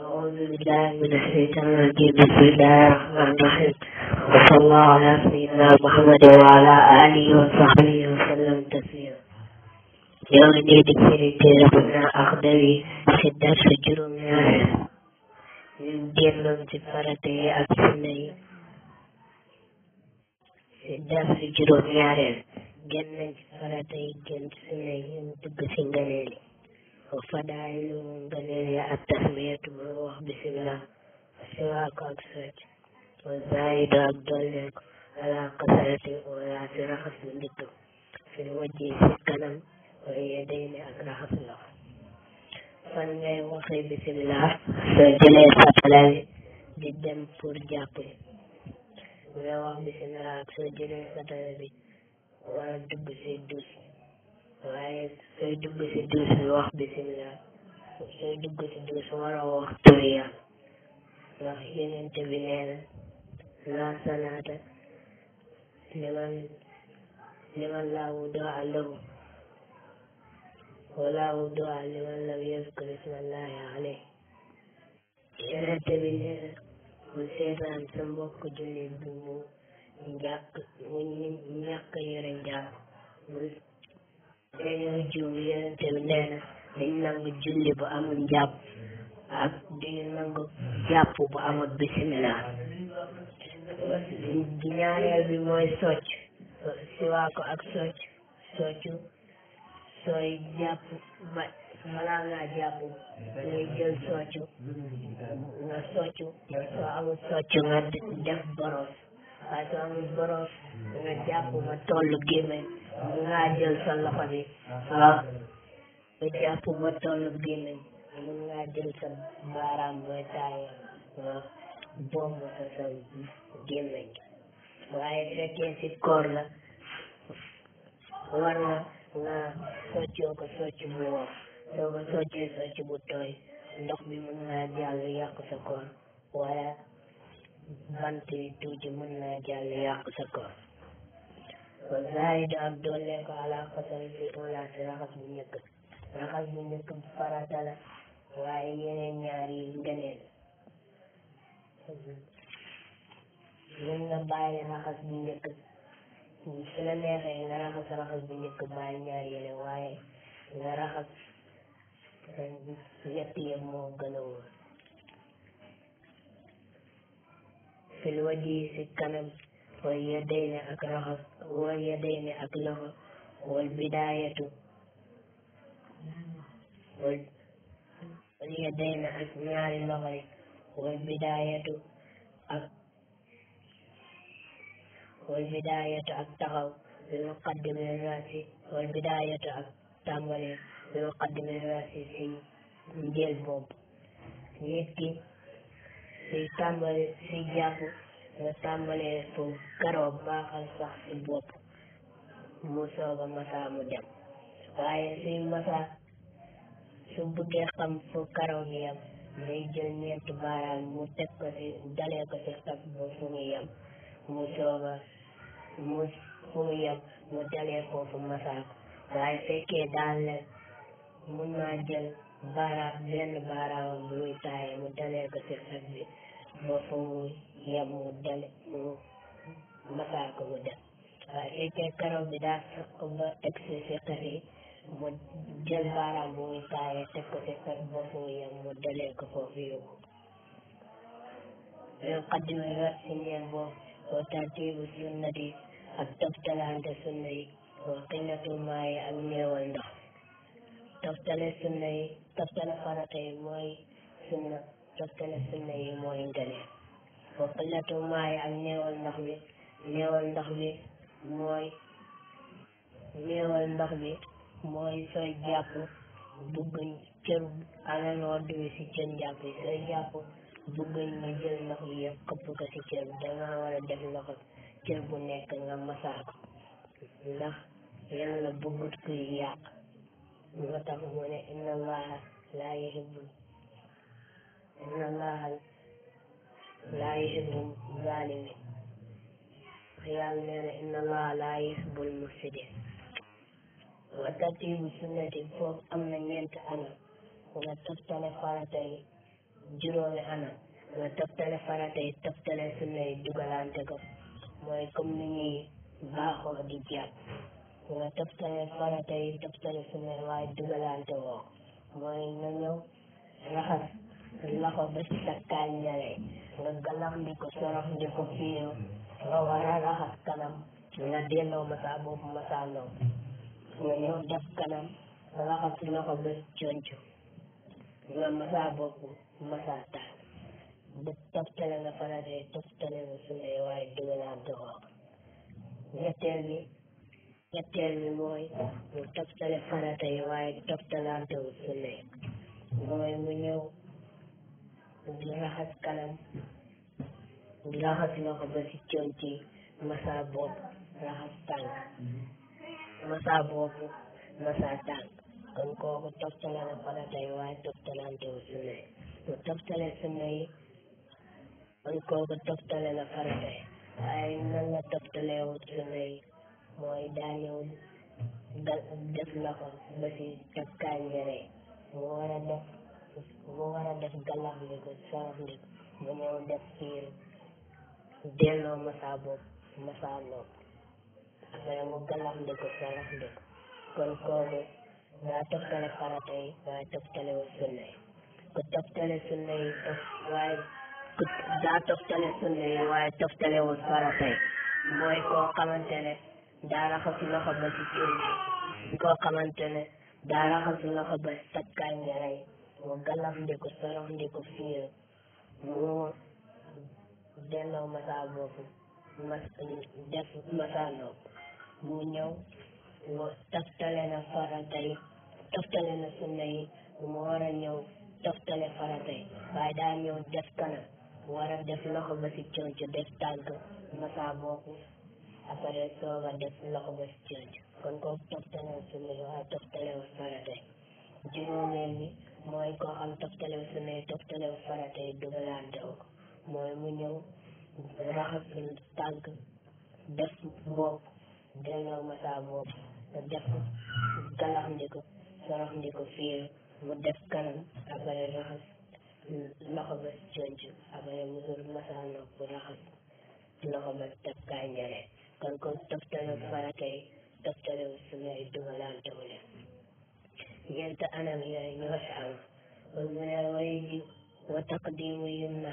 أعوذ بالله من الشيطان الرجيم بسم الله الرحمن الرحيم وصلى الله على سيدنا محمد وعلى آله وصحبه di firi téere bu naa Axdawi ci darsu juróom ñaar ñu génnoon ci farata yi ak sunna yi ci darsu juróom ñaareel génn ci farata yi génn ci sunna yi ñu dugg ci ngëneel yi وفضائل بدنية التسمية والروح بسم الله السواك والسويت والزايد والضليق على قصرة ولا في رخص للدم في الوجه في الكلام واليدين ak raxas loxo fan ngay waxee bisimilah soo jëlee sa palaas bi di dem pour jàpp ngay wax bisimilah soo sa palaas bi wala dugg si waaye sooy dugg si duus bi wax bisimila sooy dugg si duus waroo wax turiya ndax yenente bi nee na la salaata liman liman laa wudu'a lahu wala wudu'a liman lam yazkur ismallahi alayh yenente bi nee na bu seetaan sa mbokk jullit bi mu ñàkk mu ñàkk yore njàpp dañoo jiw yonente nangu julli bu amul njàpp ak dañu nangu jàpp bu amul bisimila di ñaareel bi mooy socc siwaa ko ak socc soccu sooy jàpp ba balaa ngaa jàpp ngay jël soccu nga soccu soo amul soccu nga def boros waaye sama bi hmm. nga jàpp ma tollu gémmiñ nga jël sa loxo bi nga jàpp ma tollu gémmiñ nga jël sa baaraam booy taayee waaw bomb sa sa gémmiñ waaye fekkee si koor la nga soccoo ko socc bu wow soo ko soccee socc bu tooy ndox bi mën naa jàll sa koor waaye bant yi tuuti mën naa jàll yàq sa koor wa zaida ak doole ko ala xasal bi ola si raxas bu njëkk raxas bu njëkk bu farata la waaye yeneen ñaar yi ngeneen mën nga bàyyi raxas bu njëkk su la neexee nga raxas raxas bu njëkk bàyyi ñaar yele waaye nga raxas ñett yëpp moo gën a fil waji si ak raxas wal yadayni ak loxo wal bidaayatu wal yadayni ak ñaari loxo yi wal ak wal bidaayatu ak taxaw bi muqaddimi raasi wal bidaayatu ak tàmbali bi muqaddimi raasi si njël boobu suy tàmbalee suy jàpp nga tàmbalee pour garab baaxal sax si bopp mu soog a masaa mu dem waaye suy masaa su xam fu karaw yam day jël ñeenti mu teg ko ci dalee ko ci xef yam mu soog mu fu yam mu dalee foofu masaa waaye fekkee daal la mun baaraam benn baaraamam bu muy taaye mu dalee ko bi ba fu mu mu dale mu masaa ko mu bi daa sëq ba egg si ci xet bu muy taaye teg ko ci xet ba fu mu yem mu dalee foofu yóbbu yow xaddim yi war si ñeel boobu wa sunnati ak toftalante sunna yi wa qillatul maayi ak néewal ndox toftale sunna yi toftale farata yi mooy sunna toftale sunna yi mooy ngëneel wa qillatu maayi ak néewal ndox bi néewal ndox bi mooy néewal ndox bi mooy sooy jàpp bëgg cër alal wodd bi si cër jàpp yi nga jël ndox bi yëpp këpp ko si cër danga war a def ndox cër bu nekk nga masaa ndax yàlla bëggut kuy yàq moo tax mu ne inna allaha laa yuhibbu inna allaha laa yuhibbu zaalimiin yàlla nee na inna allaha laa yuhibbul mufsidiin wa tartiibu sunnati foofu am na ñeenti anam nga tëftale farata yi juróomi anam nga tëftale farata yi tëftale ko mooy comme ni ñuy baaxoo di jàpp nga toftale farata yi toftale sunna waaye dugalante woo mooy nga ñëw raxas loxo ba ci sa kànjare nga galambi ko sorox ndi ko fiiru nga war a raxas kanam nga delloo masa boobu masa ndaw nga ñëw def kanam raxas loxo ba conc nga masa boobu masa taan bu toftale nga farata ñetteel bi mooy toppatale farata yi waaye toppatalaatewul su nekk mooy mu ñëw di raxas kanam di raxas loxo ba si conc yi masa raxas tànk masa bopp masa tànk kon kooku toppatale na farata yi waaye toppatalaatewul su nekk mu toppatale sunna yi kon kooku toppatale na farata yi waaye mooy daa ñëw def loxo ba si cafkaay njëre mu war a def mu war a def galax li ko sorof li mu ñëw def fiir delloo masa bopp masa nopp après mu galax li ko sorof li kon kooku daa toftale farata yi waaye toftale wa sunna yi ku toftale sunna yi waaye daa toftale sunna yi waaye toftale wul farata yi mooy koo xamante ne daa raxas loxo ba ci cin bi koo xamante ne daa raxas loxo ba takkaay ngeray mu galaf ndiku sorof ndiku fiir mu delloo masa boobu mas def masaloo mu ñëw mu toftale na farata yi toftale na sunna yi mu war a ñëw toftale farata yi waaye daa def kanam war a def loxo ba ci coow ci def tànk masa boobu après sooga def loxo bés jooju kon kooku toftale wu sunna waaye toftale wu farata juróomeel bi mooy koo xam toftale wu sunna toftale wu farata dugalante wu mooy mu ñëw raxasul tànk def bopp delloo masaa bopp def galax ndiko sorox ndiko fiir mu def kanam après raxas loxo bés jooju après mu sur masaa nopp raxas loxo bés def kaay njëlee kon kon toftaloo farata yi toftaloo sunna yi dugalante wu leen ñeent anam yooyu ñoo fi am wal munaawayi ji wa taqdimu yumna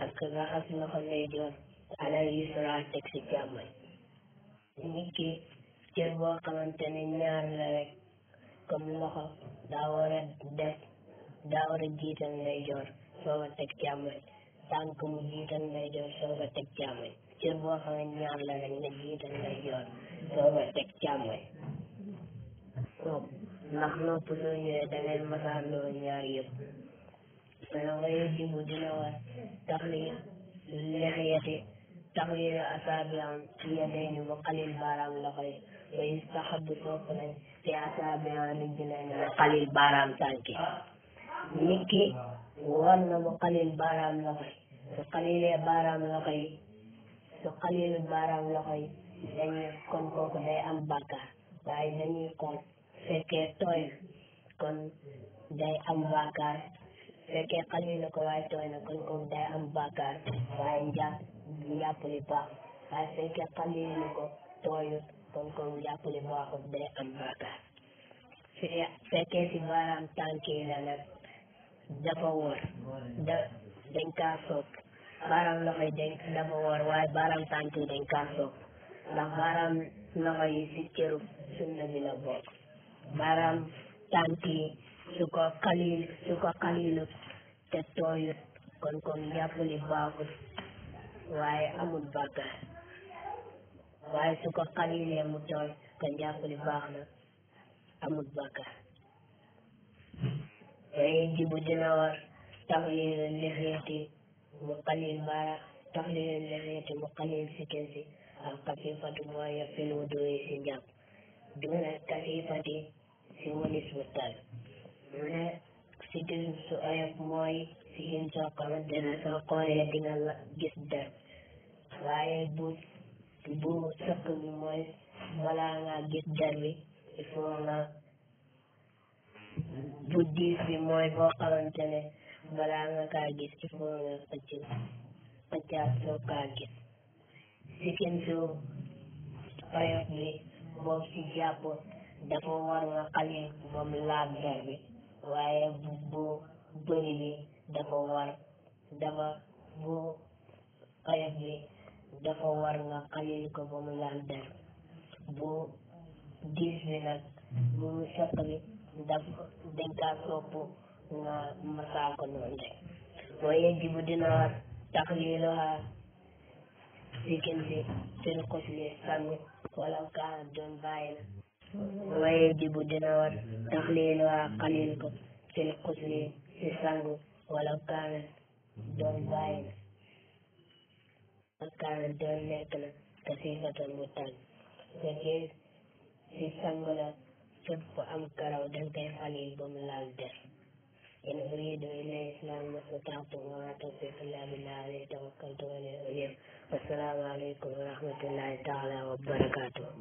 raxas loxo ndeyjoor ala yusra teg si càmmoñ nit ki cër boo ne ñaar la rek comme loxo daa war a def daa war a jiital ndeyjoor soo tànk mu jiital nday joor soog a teg càmmoñ cër boo xam ne ñaar la rek na jiital nday joor soog a teg càmmoñ nopp ndax nopp soo ñëwee dangay masaarloo ñaar yëpp sanawa yajibu dina war taxliya lexyati taxliya asaabiam ci yadayni bu xalil baaraam loxo yi wa yustahabu sopp nañ ci asaabiam rijlayni bu xalil baaraam tànki nit ki war na mu xalil baaraam loxo yi su xalilee baaraam loxo yi su xalilu baaraam loxo yi dañuy kon kooku day am bàkkaar waaye dañuy xool fekkee tooy kon day am bàkkaar fekkee xalilu ko waaye tooy na kon kooku day am bàkkaar waaye njàpp njàpp li baax waaye fekkee xalilu ko tooyut kon kooku njàpp li baaxut day am bàkkaar fekkee si baaraam tànk yi la nag dafa woor da dañ kaa soog baaraam loxo yi dafa woor waaye baaraam tànk ndax baaraam loxo si cëru sunna bi la bokk baaraam tànk su ko kalil su ko kalilut te tooyut kon kon jàppali baaxul waaye amul bàkkaar waaye su ko kalilee mu tooy kon jàppali baax na amul bàkkaar ويجب جنوار تقليل اللحية وقليل ما تقليل اللحية وقليل سكنسي الخفيفة ما في الوضوء في الجنب دون الكثيفة si walis waxtaan mu ne si gis su oyof mooy si hin soo xamante ne soo xoolee dina la gis der waaye bu bu sëkk bi mooy balaa nga gis der bi il faut buddiis bi mooy boo xamante ne nga kaa gis ci foo nga su oyof bi boo ci jàpp dafa nga xalil moom laab der bi waaye bu bu bëri bi dafa war bu oyof bi dafa war nga xalil ko ba mu laal der bu diis bi nag bu sëq bi daf dañ kaa sopp nga masaa ko noonu rek wa yajibu dina war taxliluha sikkin si fil xusli sangu wala kaan doon bàyyi na wa yajibu dina war taxliluha ko fil xusli si sangu wala kaan doon bàyyi na wala kaan doon nekk na kasifatan bu tàng si sangu la képp am karaw dañ koy xalil laal der in uridu illa islam mastata'tu wa ma tawfiqi illa billah alayhi tawakkaltu wa ilayhi unib wassalaamu aleykum wa rahmatullahi taala wa barakaatuh